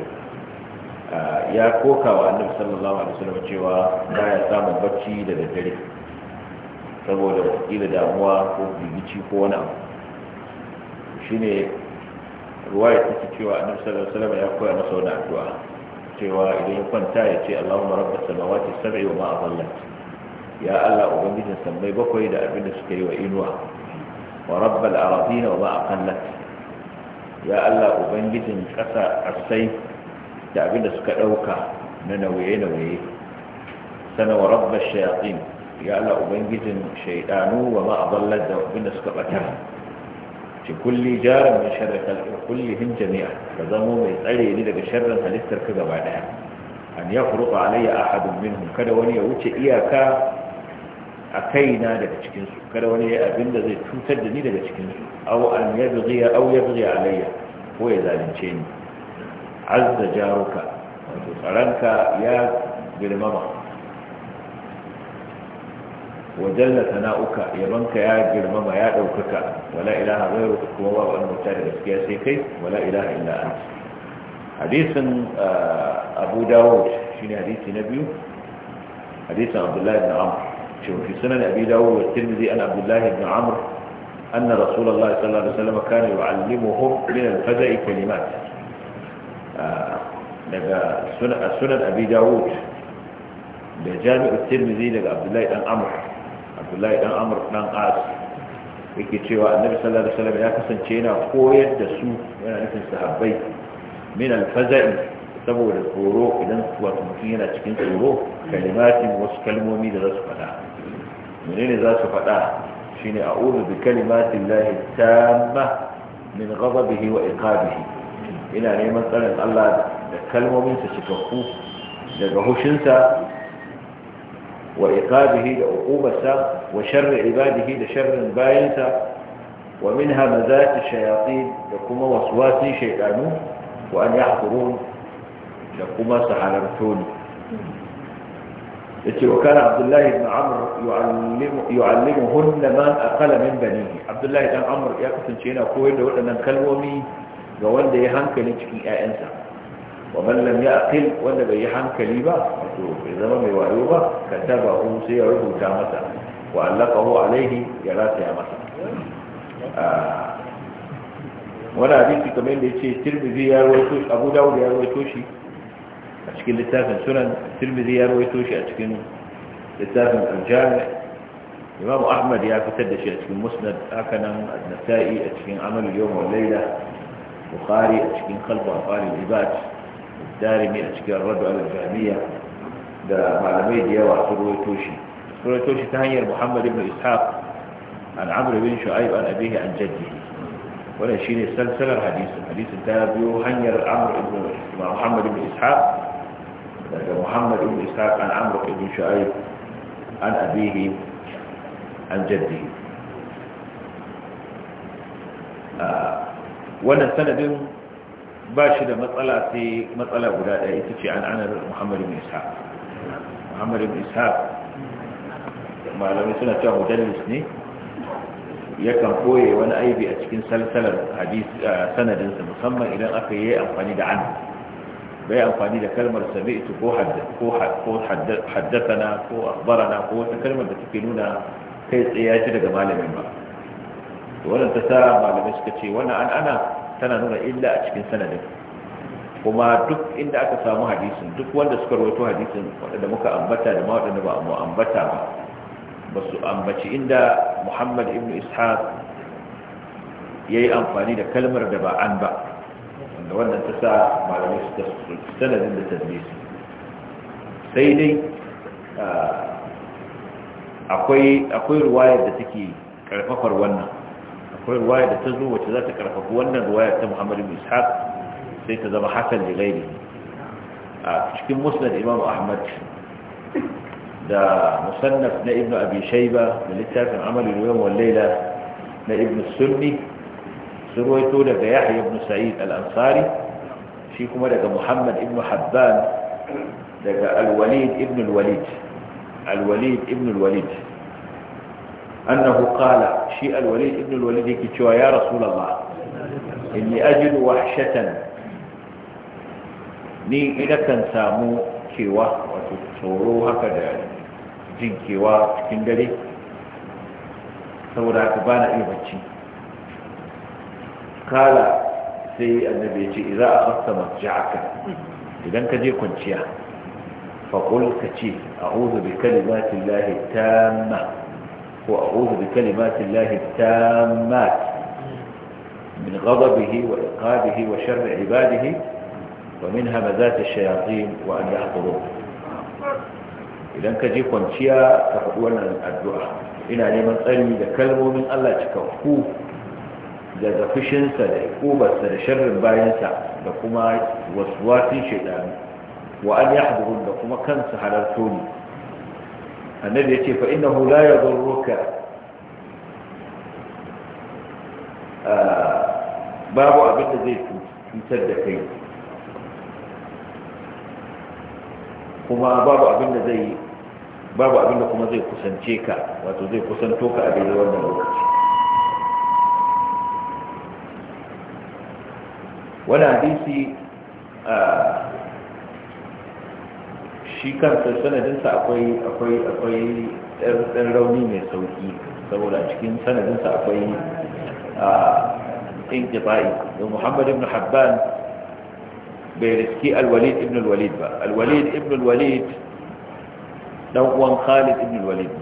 ya koka wa annabi sallallahu alaihi wasallama cewa ba ya samun bacci da daddare saboda kila damuwa ko bibici ko wani abu shine ruwaya take cewa annabi sallallahu alaihi wasallam ya koya masa wannan addu'a cewa idan ya kwanta ya ce Allahumma rabbas samawati sab'i wa ma adallat ya Allah ubangijin sammai bakwai da abin da suka yi wa inuwa wa rabbal aradina wa ma aqallat ya Allah ubangijin kasa asai da abin da suka dauka na nauye-nauye sana wa rabbar shayatin ya Allah ubangijin shaidanu wa ma adallat da abin da suka bata ce kulli jaran min sharri khalqi jami'a ka zamo mai tsare ni daga sharrin halittar ka gaba daya an yakhruqa alayya ahadun minhum kada wani ya wuce iyaka a kaina daga cikin su kada wani ya abinda zai cutar da ni daga cikin su aw an yabghi aw yabghi alayya ko ya zalunce ni azza jaruka wato tsaranka ya girmama وجل ثناؤك يبنك يا جرمما يا دوكك ولا إله غيرك الله أن متعلم اسكيا سيكي ولا إله إلا أنت حديث آه، أبو داود شين حديث نبي حديث عبد الله بن عمرو شوف في سنن أبي داود والترمذي أن عبد الله بن عمرو أن رسول الله صلى الله عليه وسلم كان يعلمهم من الفزع كلمات آه، لقى سنن أبي داود لجامع الترمذي لقى عبد الله بن عمرو abdullahi dan amr dan as yake cewa annabi sallallahu alaihi wasallam ya kasance yana koyar da su yana nufin sahabbai min alfaza'i saboda tsoro idan wato mutum yana cikin tsoro kalimatin wasu kalmomi da za su faɗa menene za su faɗa shine a'udhu bi kalimatin lahi tamma min ghadabihi wa iqabihi ina neman tsarin Allah da kalmomin sa cikakku daga hushinsa وإقابه لعقوبته وشر عباده لشر بايته ومن همزات الشياطين لكم وسواسي شيطانه وأن يحضرون لكم سحرمتون يتي وكان عبد الله بن عمرو يعلم يعلمهن من أقل من بنيه عبد الله بن عمرو يقصد شيئا كويل لأن كلمه ga wanda ya hankali cikin 'ya'yansa wa man ya yaqil wanda bai yi hankali ba to bai zama mai wayo ba kanta ba katabahu sai ya rubuta masa wa allaqahu alaihi ya ya masa ah, wani hadisi kamar da yace tirmidhi ya rawaito abu dawud ya rawaito shi a cikin littafin sunan tirmidhi ya rawaito shi a cikin littafin al-jami imam ahmad ya fitar da shi a cikin musnad haka nan nasai a cikin amal yawm wa layla bukhari a cikin qalb afal al-ibad darimi a cikin radu al-jamiya da malamai da yawa su ruwaito shi ruwaito shi ta hanyar muhammad ibn ishaq an amr bin shu'aib an abihi an jaddihi wannan shine salsalar hadisin hadisin ta biyo hanyar amr ibn muhammad ibn ishaq daga muhammad ibn ishaq an amr ibn shu'aib an abihi an jaddihi ah, wannan sanadin ba shi da matsala sai matsala guda ɗaya ita ce an anar muhammadu bin muhammadu malamai suna cewa mudallis ne yakan koye wani aibi a cikin salsalar sanadinsa musamman idan aka yi amfani da an bai amfani da kalmar sami'tu ko haddasana ko akbarana ko wata kalmar da take nuna kai tsaye ya ci daga malamin ba wannan ta sa malamai suka ce wannan an ana tana nuna illa a cikin sanadin kuma duk inda aka samu hadisin duk wanda suka rawaito hadisin wadanda muka ambata da wadanda ba mu ambata ba ba su ambaci inda Muhammad ibn Ishaq yayi amfani da kalmar da ba an ba wanda wannan ta sa malamai su ta sanadin da tadlisi sai dai ah, akwai akwai ruwayar da take karfafar wannan akwai ruwaya da ta zo wacce za ta karfafi wannan ruwaya ta muhammadu bin ishaq sai ta zama hasan da gairi a cikin musnad imam ahmad da musannaf na ibnu abi shayba da littafin amalin ruwan wallaila na ibnu sunni su ruwaito daga yahya ibn sa'id al'ansari shi kuma daga muhammad ibnu habban daga alwalid ibnu alwalid al-walid al annahu qala shi al wali ibn al-walid yake cewa ya rasulullah inni ajidu wahshatan ni ina kan samu kewa wato tsoro haka da jin kewa cikin dare saboda haka bana iya bacci kala sai annabi ya ce idza akhadta marja'aka idan ka je kwanciya faqul ka ce a'udhu bi kalimati llahi tamma وأعوذ بكلمات الله التامات من غضبه وإقابه وشر عباده ومن همذات الشياطين وأن يحضرون إذا كجي كونتيا تقولنا الدعاء إن لمن قلم ذكلمه من الله تكفو إذا zafishinsa da ikubarsa da sharrin وصوات da وأن wasu wasin shaidan wa an annabi ya ce fa innahu la yadurruka ah, babu abin da zai cutar da kai kuma babu abin da zai babu abin kuma zai kusance ka wato zai kusanto ka a daidai wannan lokaci wani hadisi ah, shi kansa sanadinsa akwai akwai akwai ɗan rauni mai sauki saboda cikin sanadinsa akwai in jiba'i da muhammad ibn habban bai riski alwalid ibn alwalid ba alwalid ibn alwalid dan uwan khalid ibn alwalid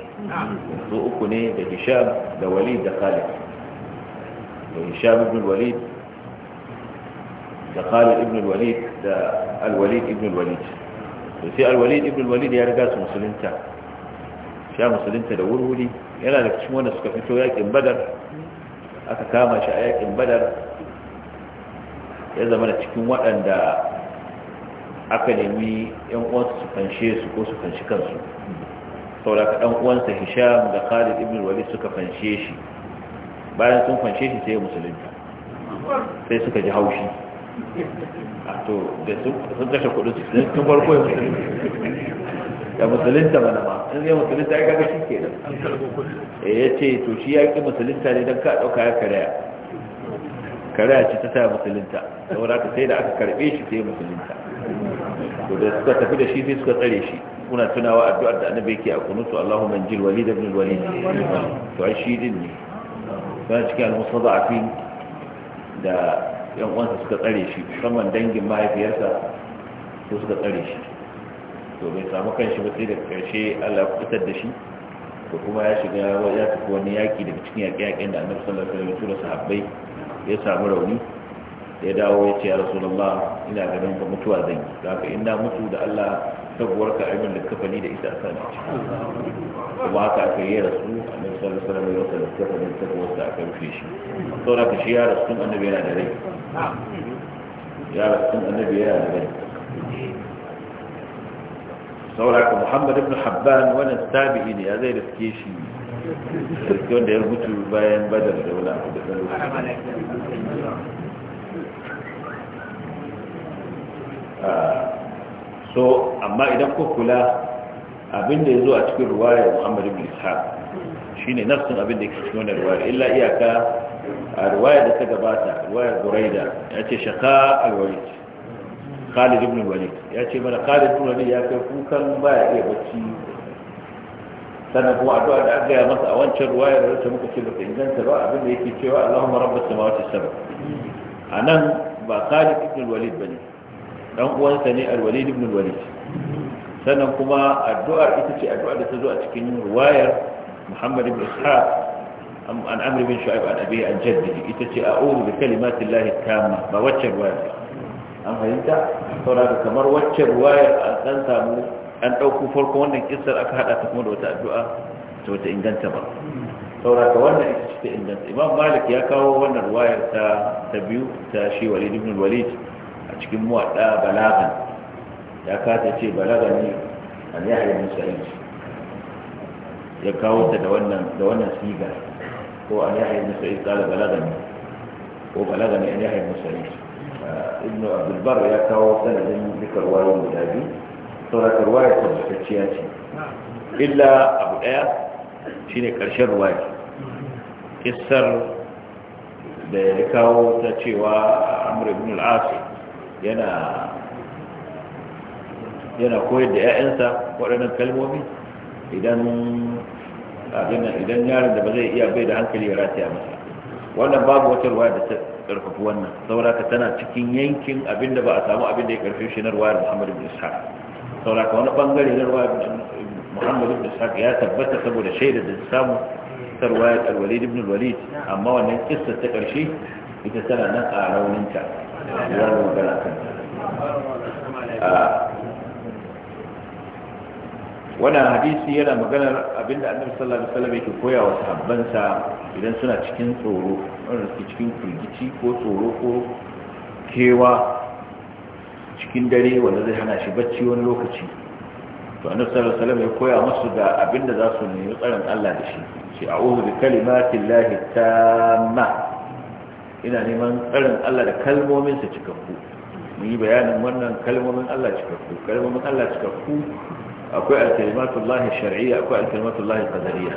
su uku ne da hisham da walid da khalid da hisham ibn alwalid da khalid ibn alwalid da alwalid ibn alwalid to sai alwalid ibn walid ya riga su musulunta sha musulunta da wurwuri yana da cikin wanda suka fito yakin badar aka kama shi a yakin badar ya zama da cikin waɗanda aka nemi yan uwansa su fanshe su ko su fanshi kansu saboda ka dan uwansa hisham da khalid ibn walid suka fanshe shi bayan sun fanshe shi sai musulunta sai suka ji haushi to da sun kashe kudin su sun farko ya musulunta ya musulunta mana ma in zai musulunta ya kaga shi kenan eh, ya ce to shi ya ƙi musulunta ne don ka ɗauka ya karaya karaya ce ta sa musulunta saboda ka sai da aka karɓe shi sai musulunta to da suka tafi da shi sai suka tsare shi kuna tunawa addu'ar da annabi yake a kunutu Allahumma injil walid ibn walid to ai shi din ne ba cikin al-mustada'afin da yan uwansa suka tsare shi musamman dangin mahaifiyarsa su suka tsare shi to bai samu kanshi ba sai da karshe Allah ya fitar da shi to kuma ya shiga ya tafi wani yaki daga cikin yaƙe-yaƙen da annabi sallallahu alaihi wasallam ya sahabbai ya samu rauni ya dawo ya ce ya rasulullah ina ganin ba mutuwa zan yi haka in na mutu da Allah sabuwar ka da kafani da isa sana kuma haka aka yi rasu annabi sallallahu alaihi wasallam ya wasa da ta da kafa aka rufe shi saboda ka shi ya rasu annabi yana da rai ya rasu annabi yana da rai saboda ka Muhammad ibn Habban wannan tabi'i ne ya zai riske shi riske wanda ya bayan badar da wani abu da tsaro ah, so amma idan ko kula abin da ya zo a cikin ruwaya muhammad ibn ishaq shine nafsin abin da yake cikin wani ruwaya illa iyaka a ruwaya da ta gabata ruwayar buraida ya ce shaka alwalid khalid ibn walid ya ce mana khalid ibn walid ya kai kukan baya iya bacci sannan kuma addu'a da aka gaya masa a wancan ruwayar da ta muka ce ba inganta ba abin da yake cewa allahumma rabbas samawati sab'a anan ba khalid ibn walid bane dan uwansa ne alwalid ibn walid sannan kuma addu'ar ita ce addu'ar da ta zo a cikin ruwayar muhammad ibn ishaq an amri bin shu'aib an abi an jaddidi ita ce a a'udhu bi kalimati llahi tamma ba wacce ruwayar an fahimta saboda kamar wacce ruwayar an san samu an dauko farko wannan kissar aka haɗa ta kuma da wata addu'a ta wata inganta ba saboda wannan ita ce ta inganta imam malik ya kawo wannan ruwayar ta ta biyu ta shi walid ibn walid a cikin muwadda balagan ya kasa ce balaga ne an ya haɗa musa ya kawo ta da wannan da wannan siga ko an ya haɗa musa yi kala balaga ne ko balaga ne an ya haɗa musa yi ah, ibn abdulbar ya kawo sanadin dukkan wayoyin guda biyu saurakar waya tabbatacciya ce illa abu ɗaya shine ƙarshen ruwaya kissar da ya kawo ta cewa amur ibn al'as yana yana koyar da 'ya'yansa waɗannan kalmomi idan idan yaron da ba zai iya bai da hankali ya rataya masa wannan babu wata ruwa da ta ƙarfafi wannan sauraka tana cikin yankin abin da ba a samu abin da ya karfi shi na ruwa da muhammadu bin ishaq sauraka wani bangare na ruwa muhammadu bin ishaq ya tabbata saboda shaidar da samu ta ruwa ya alwalid ibn walid amma wannan ƙista ta ƙarshe ita tana nan a rauninta ya magana wannan hadisi yana maganar abinda annabi sallallahu alaihi wasallam yake koya wa sahabbansa idan suna cikin tsoro wanda suke cikin firgici ko tsoro ko kewa cikin dare wanda zai hana shi bacci wani lokaci to annabi sallallahu alaihi wasallam ya koya musu da abinda za su nemi tsaron Allah da shi shi a'udhu bi kalimati llahi tamma ina neman tsarin Allah da kalmomin sa cikakku mun yi bayanin wannan kalmomin Allah cikakku kalmomin Allah cikakku akwai lahi shar'iyya akwai lahi alkalimatullahi qadariyya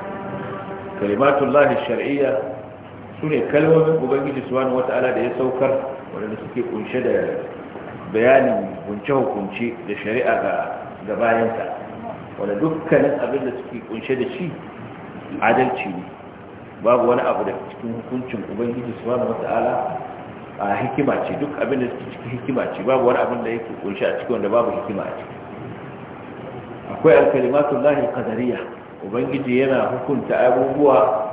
kalimatullahi shar'iyya sune kalmomin ubangiji subhanahu wata'ala da ya saukar wadanda suke kunshe da bayanin hunce hukunci da shari'a ga ga bayansa wanda dukkanin abin da suke kunshe da shi adalci ne babu wani abu da cikin hukuncin ubangiji subhanahu wata'ala a hikima ce duk abin da suke cikin hikima ce babu wani abin da yake kunshe a cikin wanda babu hikima a ciki akwai alkalimatun lahi kadariya ubangiji yana hukunta abubuwa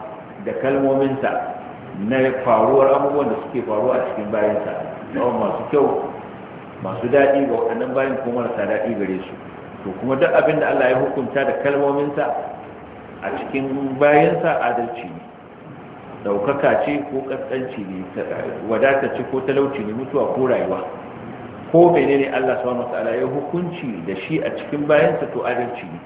da kalmominsa na faruwar abubuwan da suke faruwa a cikin bayansa don masu kyau masu daɗi ga waɗannan bayan kuma marasa daɗi gare su to kuma duk abin da Allah ya hukunta da kalmominsa a cikin bayansa adalci ne daukaka ce ko kaskanci ne wadata ce ko talauci ne mutuwa ko rayuwa ko menene Allah subhanahu wataala ya hukunci da shi a cikin bayansa to adalci ne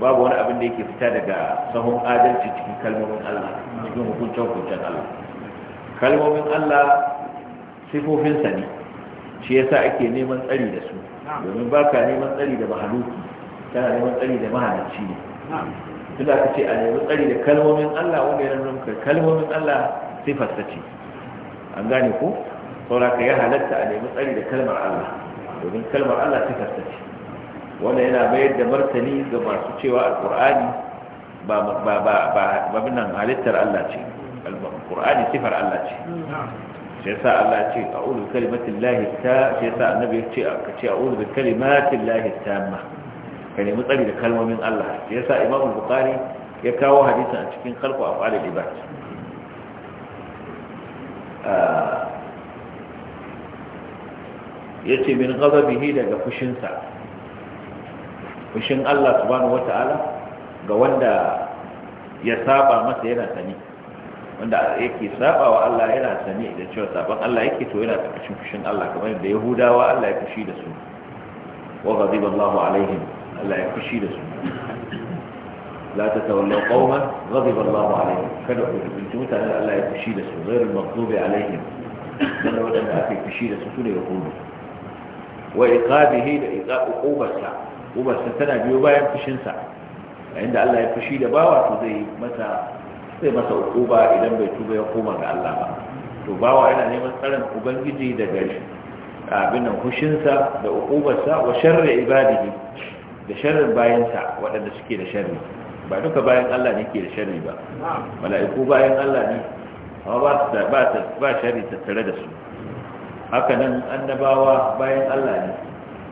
babu wani abin da yake fita daga sahun adalci cikin kalmomin Allah cikin hukuncin hukuncin Allah kalmomin Allah sifofinsa ne shi yasa ake neman tsari da su domin baka neman tsari da mahaluki kana neman tsari da mahalicci ne duk da ce a nemi tsari da kalmomin Allah wanda ya nuna kalmomin Allah sifarsa ce an gane ko saboda ka ya halatta a nemi tsari da kalmar Allah domin kalmar Allah ta karsace wanda yana mayar da martani ga masu cewa alqur'ani ba ba binan halittar Allah ce alqur'ani sifar Allah ce shi yasa Allah ya ce a'udhu kalimatillahi ta shi yasa annabi ya ce a ce a'udhu bi kalimatillahi tamma ka nemi tsari da kalmomin Allah shi yasa Imam Bukhari ya kawo hadisin a cikin a af'al ibad ah, ya ce min gazabihi daga fushinsa fushin Allah subhanahu wata'ala ga wanda ya saba masa yana sani wanda yake saba wa Allah yana sani da cewa saban Allah yake to yana cikin fushin Allah kamar da Yahudawa Allah ya fushi da su wa ghadiba Allahu alaihim Allah ya fushi da su la tatawallaw qauman ghadiba Allahu alaihim kada ku tuntu mutanen Allah ya fushi da su ghairul maghdubi alaihim dan wanda ake fushi da su ne yahudu wa iqabihi da iqabubarsa ubarsa tana biyo bayan fushinsa yayin da Allah ya fushi da bawa to zai masa sai masa uquba idan bai tuba ya koma ga Allah ba to bawa yana neman tsaron ubangiji daga abin nan fushinsa da uqubarsa wa sharri ibadihi da sharrin bayansa waɗanda suke da sharri ba duka bayan Allah ne ke da sharri ba mala'iku bayan Allah ne amma ba ba sharri tattare da su haka nan annabawa bayan Allah ne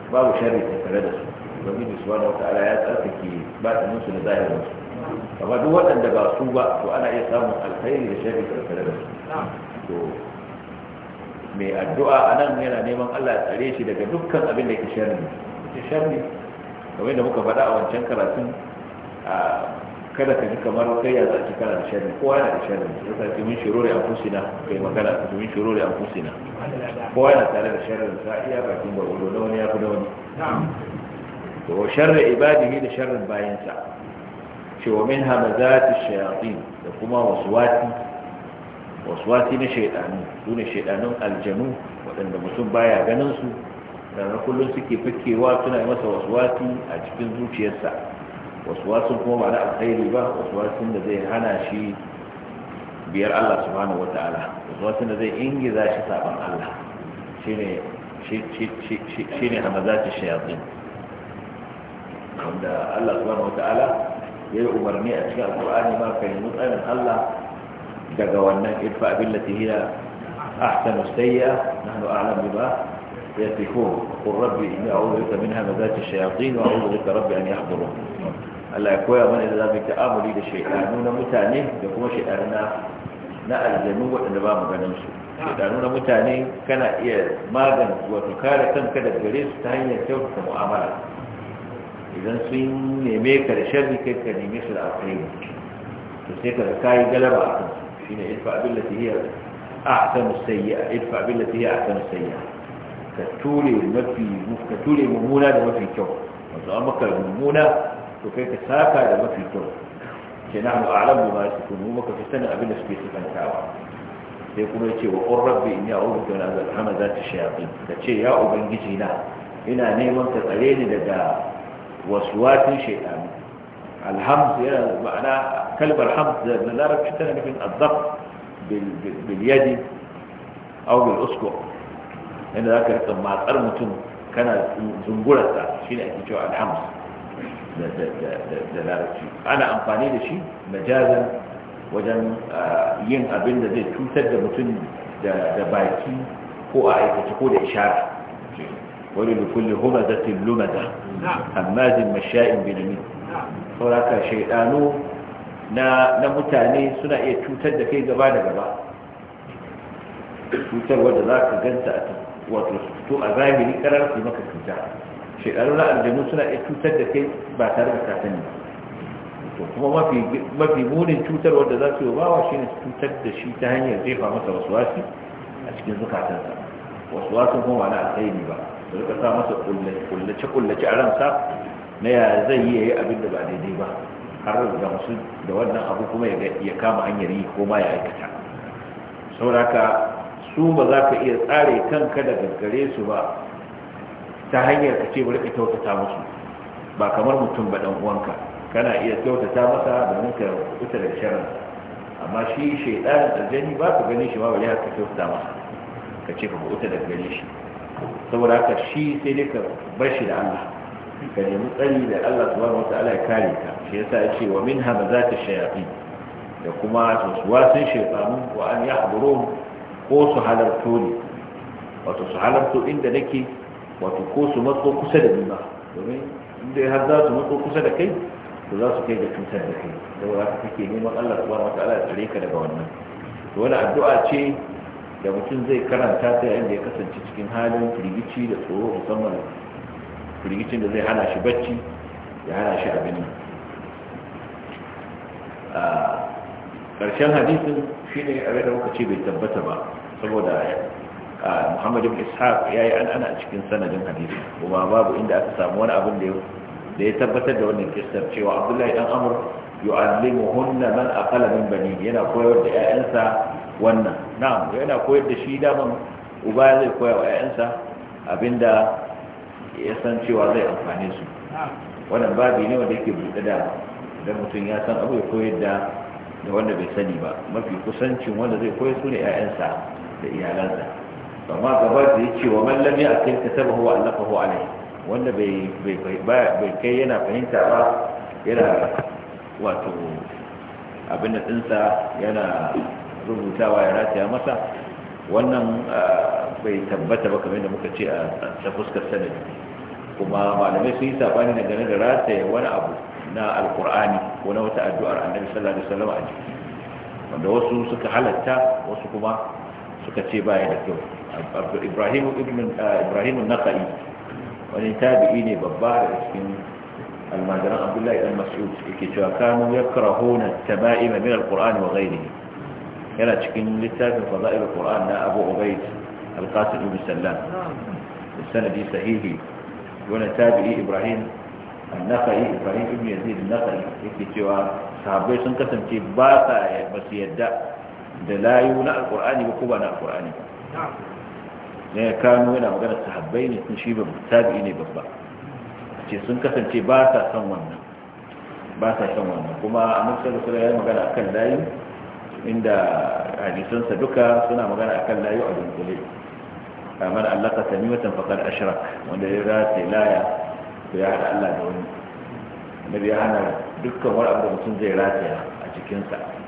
babu sharri tare da su domin wata ala ya tsarkake ta musu da zahirin su amma duk waɗanda ba su ba to ana iya samun alkhairi da sharri tare da su to mai addu'a a nan yana neman Allah ya tsare shi daga dukkan abin da ke sharri sharri kamar da muka faɗa a wancan karatun kada ka ji kamar kai ya zaki kana da sharri kowa yana da sharri ya sa ki min shururi anfusina kai magana ki min shururi anfusina kowa yana tare da sharrin sa iya bakin gwargwado na wani ya fi da wani to sharri ibadihi da sharrin bayansa cewa min hamazati shayatin da kuma waswati waswati na shaidanu su ne shaidanun aljanu waɗanda mutum baya ganin su da kullum suke fakewa suna masa waswati a cikin zuciyarsa وسواس هو معنى الخير به وسواس الذي هنا شيء بير الله سبحانه وتعالى وسواس الذي انجز شيء تابع الله شيء شيء شيء شيء شيء الشياطين عند الله سبحانه وتعالى يأمرني أشياء القرآن ما في المطعم الله تقوانا ادفع بالتي هي أحسن السيئة نحن أعلم بما يتكون قل ربي إني أعوذ بك منها مذات الشياطين وأعوذ بك ربي أن يحضره Allah ya koya mana da zamu ta ta'amuli da shaytanu na mutane da kuma shaytanu na na aljanu waɗanda ba mu ganin su shaytanu na mutane kana iya magance wato kare kanka daga gare su ta hanyar kyautata mu'amala idan sun neme ka da sharri kai ka neme su da alkhairi to sai ka kai galaba a kan su shine ilfa billati hiya ahsanu sayyi'a ilfa billati hiya ahsanu sayyi'a ka ture mafi ka ture mummuna da mafi kyau wato amma ka mummuna to kai ka saka da mafi kyau ke na mu a'lamu ma yasifun mu maka fi sanin abin da suke sifantawa sai kuma ya ce wa qur rabbi inni a'udhu bika min azab hamazati shayatin ka ce ya ubangiji na ina neman ka tsare ni daga waswatin shaytan alhamd yana ma'ana kalmar hamd da larabci tana nufin azzab bil yadi aw bil usku inda zaka rika matsar mutum kana zungurarsa shine ake cewa alhamd da larabci ana amfani da shi majazan wajen ah, yin abin da zai cutar da mutum da baki ko a aikace ko da ishara wani da kulle huma zatin lumada hamazin masha'in bilimin sauraka shaidano na mutane suna iya cutar da kai gaba da gaba cutar wadda za ka ganta wato to a zahiri karar su maka cuta shekaru na aljanu suna iya cutar da kai ba tare da ka to kuma mafi munin cutar wanda za su yi bawa shine cutar da shi ta hanyar jefa masa wasuwasi a cikin zukatansa wasuwasin kuma na alkhairi ba su rika sa masa kullace kullace a ransa na ya zai yi yayi abin da ba daidai ba har da wasu da wannan abu kuma ya kama hanyar yi ko ma ya aikata saboda su ba za ka iya tsare kanka daga gare su ba ta hanyar ka ce bari ka kyautata musu ba kamar mutum ba dan uwanka kana iya kyautata masa domin ka fita da sharar amma shi shaidan aljani ba ka gani shi ba bari ka kyautata masa ka ce ka fita da gani shi saboda haka shi sai dai ka bar shi da Allah ka nemi tsari da Allah subhanahu wataala ya kare ka shi yasa ya ce wa minha mazati shayatin da kuma sun shaytanu wa an yahduruhum ko su halarto ne wato su halarto inda nake wato ko su matso kusa da ni ba domin inda har za su matso kusa da kai to za su kai ga cutar da kai saboda haka kake neman Allah subhanahu wataala ya tsare ka daga wannan to wani addu'a ce da mutum zai karanta ta yayin da ya kasance cikin halin firgici da tsoro musamman firgicin da zai hana shi bacci ya hana shi abin nan a hadisin shine abin da muka ce bai tabbata ba saboda muhammad ibn ishaq yayi an ana cikin sanadin hadisi kuma babu inda aka samu wani abin da ya tabbatar da wannan kissar cewa abdullahi dan amr yu'allimuhunna man aqala min bani yana koyar da ƴaƴansa wannan na'am yana koyar da shi daman uba zai koya wa ƴaƴansa abinda ya san cewa zai amfane su wannan babi ne wanda yake buɗe da da mutum ya san abu ya koyar da da wanda bai sani ba mafi kusancin wanda zai koyar su ne 'ya'yansa da iyalansa amma gaba da ce wa mallam ya akai kataba huwa allafahu alai wanda bai bai kai yana fahimta ba yana wato abin da yana rubutawa ya rataya masa wannan bai tabbata ba kamar da muka ce a fuskar sanadi kuma malamai sun yi sabani da gane da rataya wani abu na alkur'ani ko na wata addu'ar annabi sallallahu alaihi wasallam a jiki wanda wasu suka halatta wasu kuma suka ce baya da kyau ibrahim ibrahim nakhai wani tabi'i ne babba da cikin almajiran abdullahi dan mas'ud yake cewa kanu yakrahuna taba'ima min alqur'ani wa ghayrihi yana cikin littafin fada'il alqur'an na abu ubayd alqasim ibn sallam sanadi sahihi wani tabi'i ibrahim annaka'i ibrahim ibn yazid annaka'i yake cewa sahabbai sun kasance ba sa ba su yadda da layu na alkur'ani ba ko ba na alkur'ani ba ne ya kano yana magana sahabbai ne sun shi ba ne babba ce sun kasance ba sa son wannan ba sa son wannan kuma a musulun sura ya magana akan layu inda hadisansa duka suna magana akan layu a dunkule kamar allaka tamimatan faqad ashrak wanda ya rata laya ya hada Allah da wani nabi ya hana dukkan wani abu da mutum zai rataya a cikinsa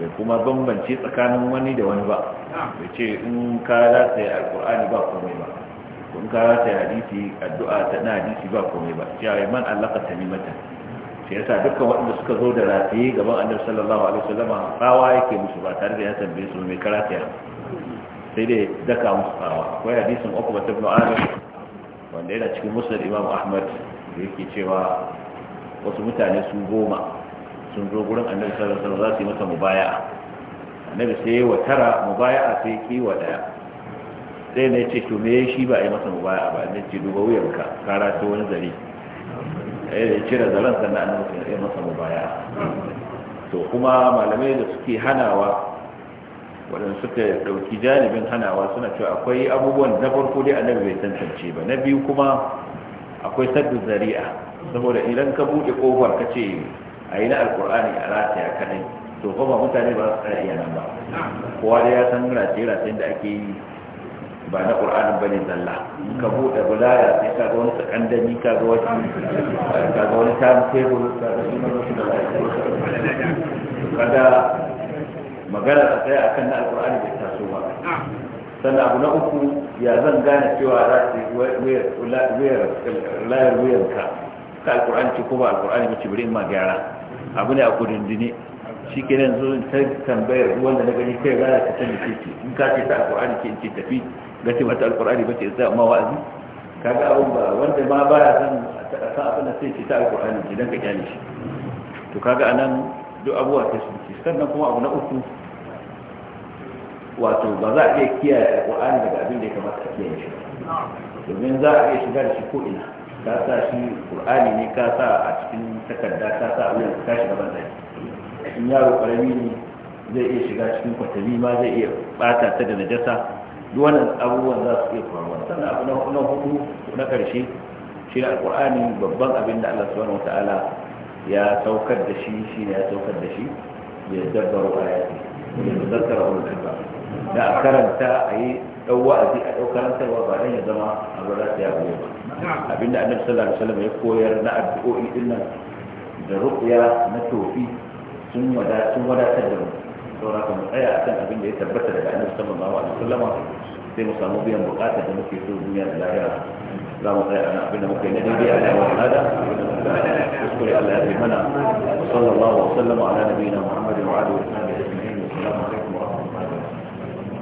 bai kuma bambance tsakanin wani da wani ba bai ce in ka za ta yi alkur'ani ba komai ba in ka za ta yi hadisi addu'a ta na hadisi ba komai ba ya yi man allaka ta mata ya yasa dukkan waɗanda suka zo da rataye gaban annabi sallallahu alaihi wasallama ya yake musu ba tare da ya tambaye su mai karata sai dai daka musu tsawa akwai hadisin uku ba tabnu adam wanda yana cikin musnad imam ahmad da yake cewa wasu mutane su goma sun zo gurin annabi sallallahu alaihi wasallam za su yi masa mubaya'a annabi sai ya watara mubaya'a sai ki wa daya sai ne ce to me shi ba a yi masa mubaya'a ba ne ce duba wuyanka ka rato wani zari sai ya cire zaren sannan annabi sai ya masa mubaya'a to kuma malamai da suke hanawa waɗanda suka ɗauki janibin hanawa suna cewa akwai abubuwan na farko dai annabi bai tantance ba na biyu kuma akwai saddu zari'a saboda idan ka buɗe kofar ka ce a yi na alkur'ani a rataya kadai to kuma mutane ba su tsaya iya nan ba kowa da ya san rataye ratayen da ake yi ba na ƙur'anin ba ne zalla ka buɗe bulaya sai ka ga wani sakandani, ka ga wani ka ga wani time ka ga shi kada magana ta tsaya akan na alƙur'ani bai taso ba sannan abu na uku ya zan gane cewa za su wayar wayar ka ka alƙur'ani ce ko ba alƙur'ani ba ce bari ma gyara abu ne a kudin dini shi ke nan zuwa ta tambayar wanda na gani kai rana ta sani ce ce in ka ce ta alkur'ani ce ce tafi ga ce mata alkur'ani ba ce za ma wa'azi ga abun ba wanda ma ba ya san a san abin da sai ce ta alkur'ani ce don ka kyale shi to kaga a nan duk abuwa ta sun ce sannan kuma abu na uku wato ba za a iya kiyaye alkur'ani daga abin da ya kamata a kiyaye shi domin za a iya shiga da shi ko ina ka sa shi qur'ani ne ka sa a cikin takarda ka sa a wuyan ka shiga banza in yaro karami ne zai iya shiga cikin kwatami ma zai iya bata ta da najasa duk wannan abubuwan za su iya faruwa sannan abu na hudu na karshe shi ne alqur'ani babban abin da Allah subhanahu wataala ya saukar da shi shine ya saukar da shi ya dabbaru ayati ya zakara ulul albab da a karanta a yi a wa'azi a ɗau karantarwa ba dan ya zama abu da ta yabo ba abinda annabi sallallahu alaihi wasallam ya koyar na addu'o'i dinnan da ruqya na tofi sun wada sun wada ta da saura saboda kuma tsaya akan abinda ya tabbata daga annabi sallallahu alaihi wasallam sai mu samu biyan bukata da muke so duniya da lahira za mu tsaya ana abinda muke na daidai da wa hada kuskure Allah ya bi mana sallallahu alaihi wasallam ala nabiyina Muhammadin wa alihi wa sahbihi ajma'in assalamu alaikum